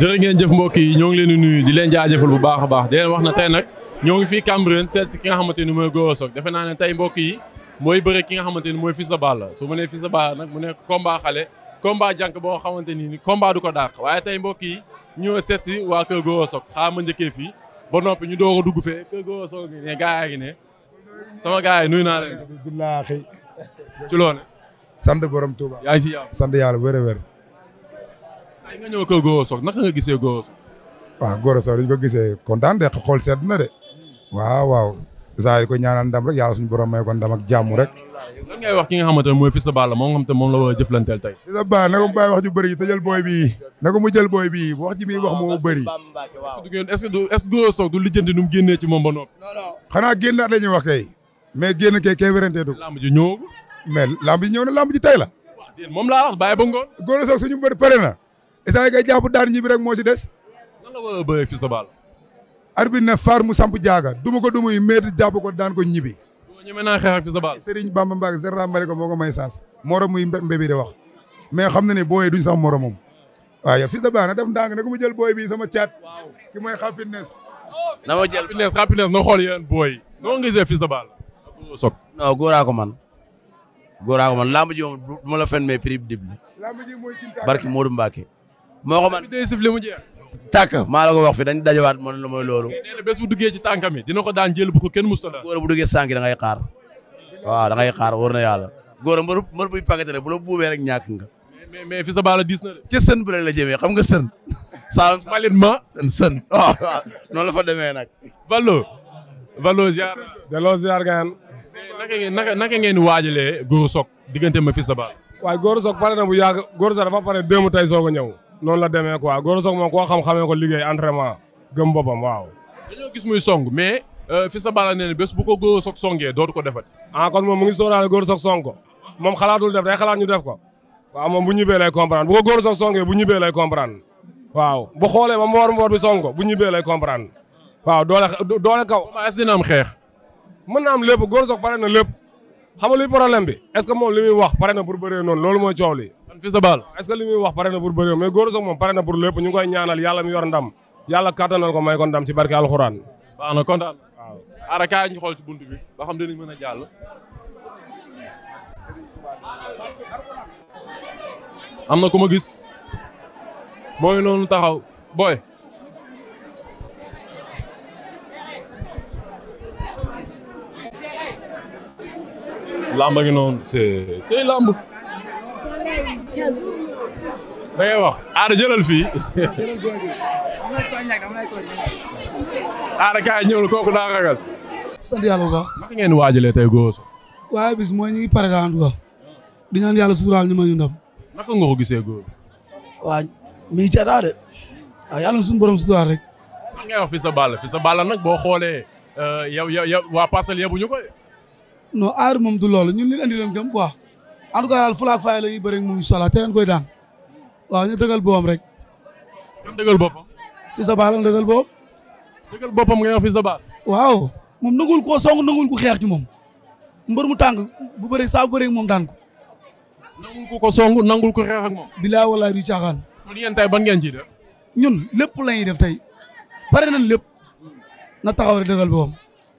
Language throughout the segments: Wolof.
jërë ngeen jëf mbokk yi ñoo ngi leen di nuyu di leen jaajëfal bu baax baax di leen wax na tey nag ñoo ngi fii Cambérène seet si ki nga xamante ni mooy Gora Sock defe naa ne tey mbokk yi mooy bëre ki nga xamante ni mooy Fils de Balla su ma nee Fils de Balla nag mu nekk combat xale combat jànk boo xamante ni combat du ko dàq waaye tey mbokk yi ñëw seet waa kër Gora Sock xaa ma njëkkee fii ba noppi ñu doo a dugg fee kër Gora Sock ne gaa ngi ne sama gaa yi nuyu naa leen. ci loone sant borom Touba yaa ngi ci yàlla sant yàlla tey nga ñëw ko Gora Sock naka nga gisee Gora waaw Gora Sock dañ ko gisee kontaan de xool sedd na waaw waaw. saa ko ñaanal ndam rek yàlla suñu borom may ko ndam ak jàmm rek. lan ki nga xamante ne mooy Fils de Balla moom nga xamante ne la war a jëflanteel tey. mu te jël booy bii na ko mu jël booy bii wax ji muy wax moo bëri. est-ce que du est-ce nu mu génnee ci moom ba noppi. xanaa génnaat la ñuy wax kay. mais génn kay kay werantee du. lamb ji ñëw. mais lamb ji ñëw na lamb ji tey la. moom laa wax bàyyi ba ngoon. Gora Sock suñu mbër pare na saa yi ngay jàpp daan ñibbi rek moo ci des. lan la a bëree Fils de faar mu samp jaaga duma ko duma yu métti jàpp ko daan ko ñibbi. ñeme naa xeex ak Fils de Balla. Serigne Bamba Mbacke Zerra Mbareko moo ko may saas. morom muy mbébi di wax. mais xam na ne booyee duñ sax moromam. waaw yow Fils de Balla na def ndànk nag mu jël booy bi sama caat. ki mooy happiness. na ma jël happiness happiness na xool yéen booy. noo ngi gisee Fils de Balla. soog non ma la fen mais prix bi dib la. lamb ji mooy barki moo ko man day sifle mu jeex. maa la ko wax fi dañ dajawaat man la mooy loolu. nee bu duggee ci tànkam yi dina ko daan jël bu ko kenn musta daan. góor bu duggee sànq da ngay xaar waaw da ngay xaar wóor na yàlla. góor mbër mbër buy paqueté rek bu la buubee rek ñàkk nga. mais mais fi sa baala diis na de. ca sën bu la jëmee xam nga sën. Saalum Malit ma sën sën waaw waaw noonu la demee nag. Vallo. Vallo ziar. delloo ziar gaan. naka ngeen naka naka ngeen waajalee Gora Sock diggante ma fi sa baal. waaye Gora Sock pare na bu yàgg Gora Sock dafa pare démb tey soog a ñëw noonu la demee quoi gor Sock moom koo xam-xamee ko liggéey entraînement gëm boppam waaw. dañoo gis muy song mais euh, fi sa bala nee na bés bu ko Gora Sock songee dootu ko defat ah kon moom mu ngi sóoraale Gora Sock song ko moom xalaatul def day xalaat ñu def ko waaw moom bu ñibbee lay comprendre bu ko Gora Sock songee bu ñibbee lay comprendre waaw bu xoolee ba mboor mboor bi song ko bu ñibbee lay comprendre waaw doole doole kaw. est-ce dina xeex. mën na am lépp Gora Sock pare na lépp xam nga luy problème wax pare na pour bëree noonu loolu mooy coow li kon Fils de li muy wax pare na pour bëri mais Gora Sock yàlla mi yor ndam yàlla kattanal ko may ko ndam ci barke alxuraan. baax ñu xool ci buntu bi ba xam dinañ mën a jàll. na ku ma gis. mooy noonu taxaw booy. lamba gi noonu c'est tey lamb. da ngay wax aada jëlal fii. aada kaay ñëwul kooku daa ragal. sant yàlla bu baax. naka ngeen waajalee tey waaye bis mooy ñu ngi pare daal en di ñaan yàlla suuraal ñu ma ñu ndam. naka nga ko gisee góor. waa mi ngi ci ataa de. waaw yàlla suñu borom suuraal rek. maa ngi wax fi sa bàll fi nag boo xoolee euh, yow yow yow waa parcelle yebuñu ko. non aar moom du loolu ñun li andi leen gëm en tout cas fulaak faay la ñuy bëri mu incha allah te koy daan waaw ñu dëgal boobam rek. kan dëgal boppam. Fils de Balla dëgal boobam. dëgal boppam nga yow Fils waaw moom nanguwul ko song nanguwul ko xeex ci moom mbër mu tàng bu bëree saa bu moom daan ko. nangul ko ko song nangul xeex ak moom. bilaa walaay du caaxaan. ban ngeen ciy def. ñun lépp la ñuy def tey pare nañ lépp na taxaw rek dëgal boobam.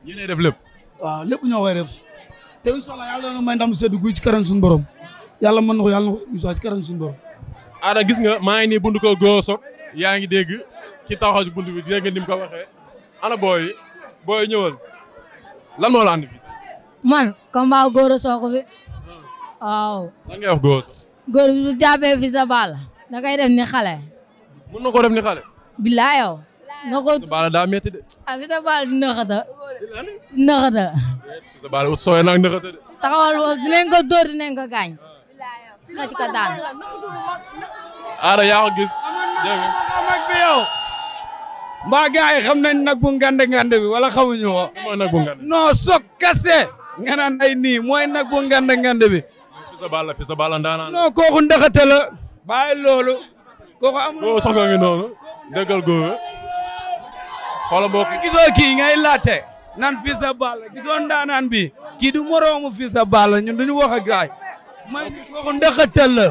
yéenay def lépp. waaw ñoo koy def. te incha allah yàlla dana may ndam seddu guy ci karan suñu borom yàlla mën na ko yàlla na ko incha ci karan suñu borom. Ada gis nga maa ngi nii bundu ko góor soog yaa ngi dégg ci taxaw ci bundu bi dégg nga ni mu ko waxee ana booy booy ñëwal lan moo la andi fi. man combat góor soog bi ah. waaw. lan ngay wax góor. góor bi su jàppee fi sa baal da koy def ni xale. mun na ko def ni xale. bilaay yow. nga ko Fisa Baala daa métti de. ah Fisa Baala dina xata. dina xata. baal sooy nag nëxate de. taxawal boobu dinañ ko dóor dinañ yaa ko gis. dégg mag bi yow. mbaa gars yi xam nañ bu ngande ngande wala xamuñu ko. mooy nag bu ngande. non loolu. kooku amul koo soxla ngi noonu. déggal góor xoolal mbokk gisoo kii ngay nan fii sa Balla gisoon daanaan bi kii du moroomu fii sa Balla ñun duñu wax ak gaay may ni kooku ndaxatal la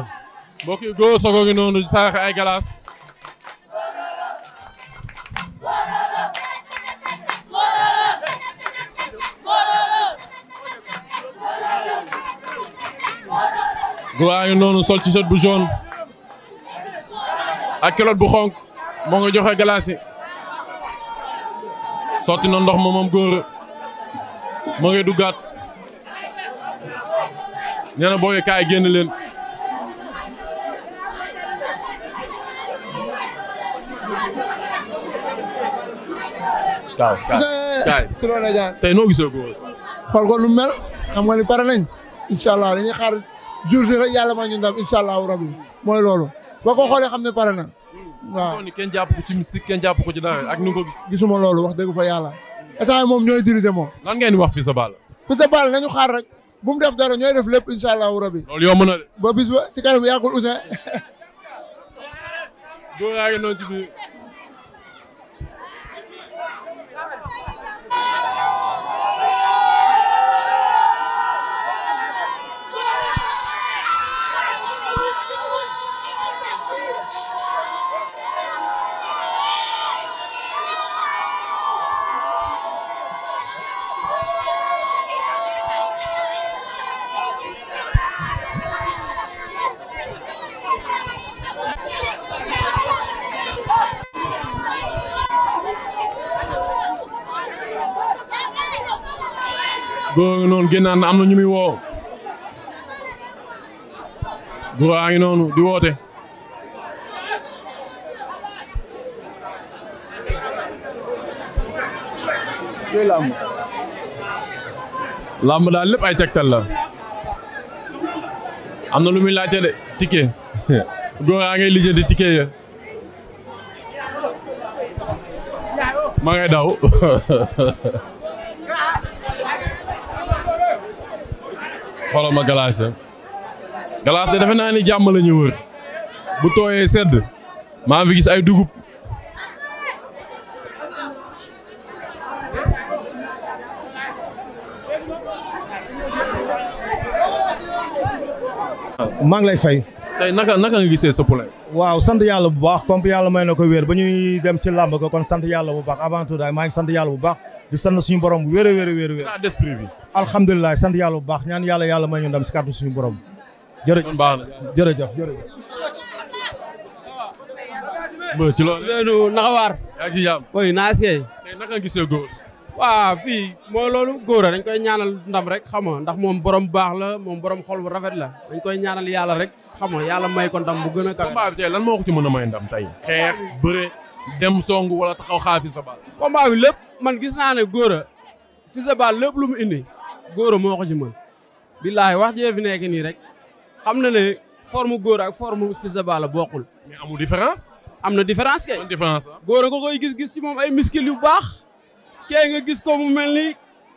mbokk sogo ngi noonu saraxe ay galaas góor ngi noonu sol ci shirt bu jaune ak bu xonk moo nga joxe galaas sotti na ndox ma moom góor ma ngay duggaat nee na kaay génn leen kaaw kaay si loolu la jaar tey noo gisee góor xool ko lu mel xam nga ni pare nañ incha allah dañuy xaar jour bi rek yàlla ma ñu ndam incha allahu rabi mooy loolu boo ko xoolee xam ne pare na waaw kon kenn jàpp ko ci mystique kenn jàpp ko ci dara ak nu ko gisuma loolu wax dëgg fa yàlla instant moom ñooy diriger moom lan ngeen wax Fils de Balla Fils nañu xaar rek bu mu def dara ñooy def lépp incha allahu rabi loolu yomb na de ba bis ba si kanam yàggul Ousseyn doo yaa ngi noonu ci góor na ñu muy woo góor a ngi noonu di woote làmb làmb daal lépp ay tegtal la am na lu muy laajte de ticket góor a ngay lijjanti ticket ya ma ngay daw xoolal ma galaas la galaas de defe naa ni jàmm la ñu bu tooyee sedd maa fi gis ay dugub maa ngi lay fay tey naka naka nga gisee sa poulet waaw sant yàlla bu baax comme yàlla may na ko weer ba ñuy dem si làmb ko kon sant yàlla bu baax avant tout daal maa ngi sant yàlla bu baax di sant suñu borom bu weer weer wér a bi alhamdulilah sant yàlla bu baax ñaan yàlla yàlla may ñu ndam si kàttu suñu borom. jërëjëf jërëjëf jërëjëf. mbër ci loolu. Ousseynou naka naa seey. gisee góor. waaw fii moo loolu góor dañ koy ñaanal ndam rek xam nga ndax moom borom baax la moom borom xol bu rafet la dañ koy ñaanal yàlla rek xam yàlla may ko ndam bu gën a kawe. lan moo ko ci mën a may ndam tey. xeex bëre dem songu wala taxaw xaafi sa baal. bi lépp man gis naa ne góor si sa lépp lu mu indi góor a moo ko ci mën. billahi wax jee fi nekk nii rek xam na ne forme góor ak forme Fils de Balla bokkul. mais amul différence. am na différence kay. différence ah. góor a ko koy gis-gis ci moom ay muscle yu baax. kee nga gis ko mu mel ni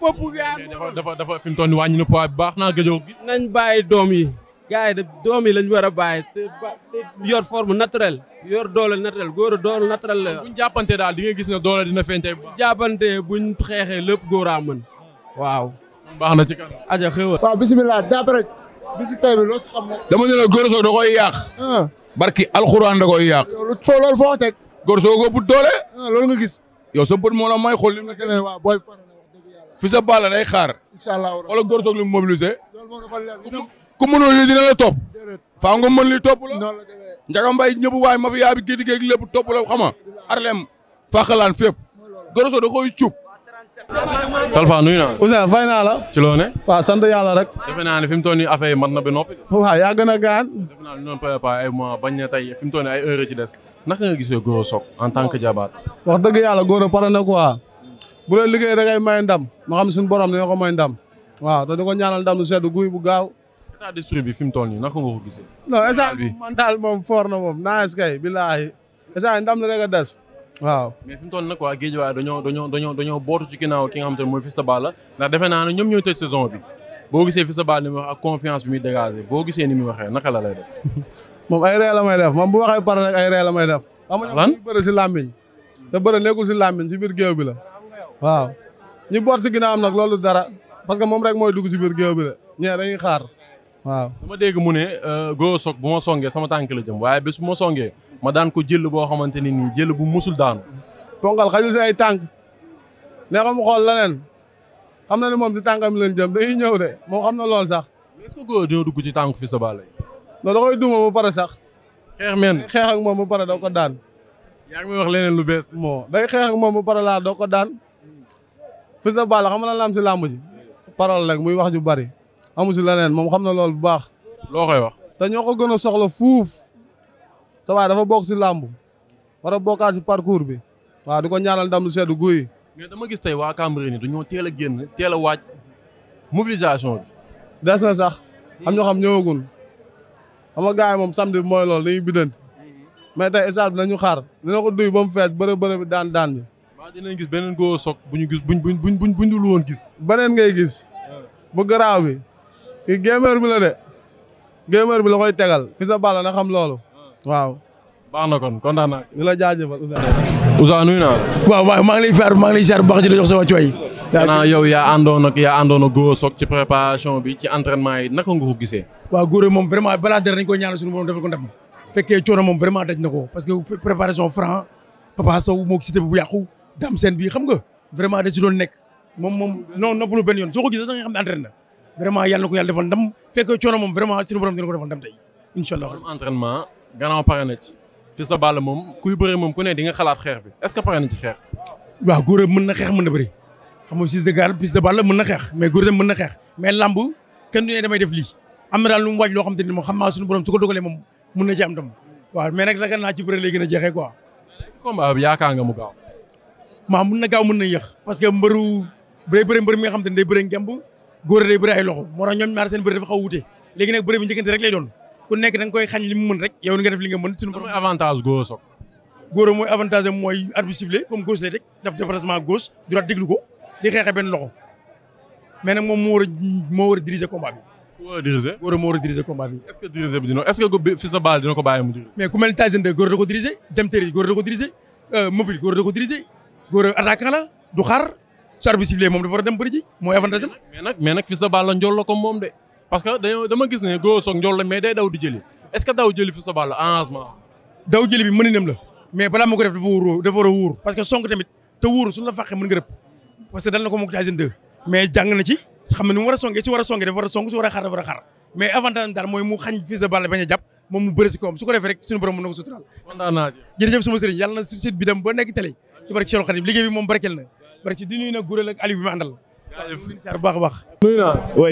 pëpp dafa dafa fi mu toll nii wàññi na poids bi baax naa gëjoo gis. nañ bàyyi doom yi. gars doom yi lañ war a bàyyi te yor forme naturelle yor doole naturelle góor dool doole buñ jàppante daal di nga gis ne doole dina feeñ tey bu jàppante buñ xeexee lépp góor a mën waaw baax na ci kanam. aja xéwal. waaw dama ne la Gora Sock da koy yàq. Ah. barki alxuraan da koy yàq. lu too loolu foo teg. Gora Sock ko bu doole. Ah, loolu nga gis. yow sa bët moo la may xool lim la keneen waaw booy. fi sa baala day xaar. incha allah wala Gora Sock li mu mobilisé. ku mënul lii dina faa nga mën li topp la. Ndiaga Mbaye waay mafia bi géej géej lépp topp la xam nga. Arlem Fakhalaan fépp. Gora Sock da koy Talfa nuyu naa. Ousseyn fay naa la. ne. rek. defe naa ne fi mu toll nii na ba noppi. waaw yaa gën a gaan. defe naa ne ñu doon préparé ay mois bañ na tey fi mu des naka nga gisee Gora Sock en tant jabaat. wax dëgg yàlla Gora pare na quoi bu la liggéey rek ay may ndam ma xam suñu borom dina ko may ndam waaw te di ko ñaanal ndam lu guy bu gaaw. état d'esprit bi fi mu toll nii naka nga ko gisee. non état bi mental moom fort na moom naa kay ndam la rek a des waaw mais fi mu toll nag waa Guédiawaye dañoo dañoo dañoo dañoo bootu ci ginnaaw ki nga xam te ne mooy Fils de Balla ndax defe naa ne ñoom ñooy tëj saison bi boo gisee Fils de Balla ni muy wax ak confiance bi muy dégagé boo gisee ni muy waxee naka la lay def. moom ay ree la may def moom bu waxee pare rek ay ree la may def. lan ñu bëri si làmmiñ te bëri nekkul si làmmiñ si biir géew bi la. waaw ñu boot si am nag loolu dara parce que moom rek mooy dugg si biir géew bi la ñee dañuy xaar. waaw dama dégg mu ne euh, Gora Sock bu ma songee sama tànk la jëm waaye bés bu ma songee ma daan ko jël boo xamante ni nii jël bu musul daanu. ponkal xajul si ay tànk ne mu xool leneen xam na ne moom si tànkam leen jëm dañuy ñëw de moom xam na lool sax. est-ce que Gora dina dugg ci tànk Fils de Balla yi. koy duuma ba pare sax. xeex men xeex moom ba pare doo ko daan. yaa ngi may wax leneen lu bees. moo day xeex moom ba pare laa doo ko daan Fils de Balla xam na lam si làmb ji. parole muy wax ju bari. amu si leneen moom xam na lool bu baax. loo koy wax. te ñoo ko gën a soxla fuuf sa waay dafa bokk si làmb war a bokkaat bi waaw di ko ñaanal ndam lu guy. mais dama gis tey waa Cambérène dañoo teel a génn teel a waaj mobilisation bi. na sax am ñoo xam ñëwagul xam nga gars moom samedi mooy lool dañuy biddanti mais tey stade bi nañu xaar dina ko duy ba mu fees bërëb bërëb bi daan daan bi. waaw dinañ gis beneen góor soog bu ñu gis buñ buñ buñ buñ dul woon gis. beneen ngay gis bu garaaw bi. kii gémeur bi la de gémeur bi la koy tegal fi sa balla na xam loolu ah. waaw. baax na kon kontaan naa. ñu la jaajëfal Ousseynou. Ousseynou nuyu naa la. waaw waaw maa ngi lay far maa ngi lay ziar bu baax di la jox sama cooy. xanaa yow yaa àndoon ak yaa àndoon ak góor soog ci préparation bi ci entraînement yi naka nga ko gisee. waaw góor moom vraiment balaa dara dañ koy ñaanal suñu borom defal ko ndam fekkee coono moom vraiment daj na ko parce que préparation franc Papa Sow moo cité bu yàqu dam seen bi xam nga vraiment da ci doon nekk moom moom non noppalu benn yoon soo ko gisee da nga xam ne entraîné na vraiment yàlla na ko yàlla defal ndam fekk coono moom vraiment suñu borom dina ko defal ndam tey incha allah. entraînement gannaaw na ci. Fils de Balla moom kuy bëree moom ku ne di nga xalaat xeex bi est-ce que pare na ci xeex. waaw góor a mën na xeex mën na bëri xam mën na xeex mais góor a mën na xeex mais làmb kenn du damay def lii am na daal lu waaj loo xam te moom xam naa suñu borom su ko dogalee moom mën na ci am ndam maa na gaaw mën na yéex parce mbëru bëre mbër mi nga góor a day loxo moo tax ñoom ñaar seen bëri dafa xaw wute léegi nag njëkkante rek lay doon ku nekk da koy xañ li mu mën rek yow nga def li nga mën suñu mooy avantage góor soog a mooy avantage am mooy at bi sifflé comme gauche lay teg def déplacement gauche droite déglu ko di xeexe benn loxo moom moo war moo war a diriger combat bi góor a diriger góor a moo war a diriger combat bi est-ce que baal dina ko bàyyi mu diriger mais ku mel ni Tyson 2 da ko diriger jamtéer yi da ko diriger euh, mobile góor da ko diriger góor a attaquant la du xaar su arbitre sifflé moom dafa war a dem bëri bi mëninam la moom dafa war a song si war mooy mu xañ Fils de Balla bañ a moom mu bëri si kawam su ko defee rek suñu borom mën na ko suturaal jërëjëf suma sëriñ yàlla na site bi dem ba nekk télé ci barke Cheikh Khadim liggéey bi moom barkeel na bari ci di nuyu nag Gurel ak Aliou bi ma a baax.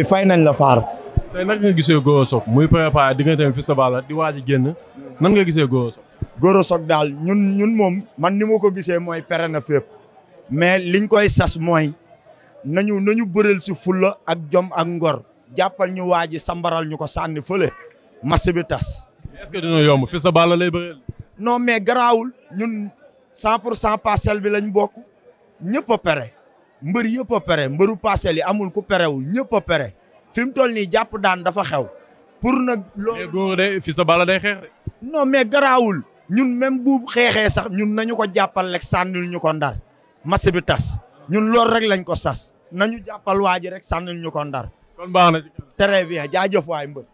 fay nañ la faar. tey naka nga gisee Gora Sock muy préparé digganteem Fils de Balla di waaj a génn nan nga gisee Gora Sock. Gora Sock daal ñun ñun moom man ni moo ko gisee mooy pere na fépp. mais liñ koy sas mooy nañu nañu bëreel si fulla ak jom ak ngor jàppal ñu waa ji sambaral ñu ko sànni fële match bi tas. est ce que dina mais garaawul ñun 100 pour 100 bi lañ bokk. ñëpp a mbër yëpp a pere mbëru parcelles yi amul ku perewul ñëpp a pere fi mu toll nii jàpp daan dafa xew pour na loolu góor bala day xeex de non mais garaawul ñun même bu xeexee sax ñun nañu ko jàppal rek sànnil ñu kondar ndar bi tas ñun loolu rek lañ ko sas nañu jàppal waa ji rek sànnil ñu ko ndar kon baax na très mbër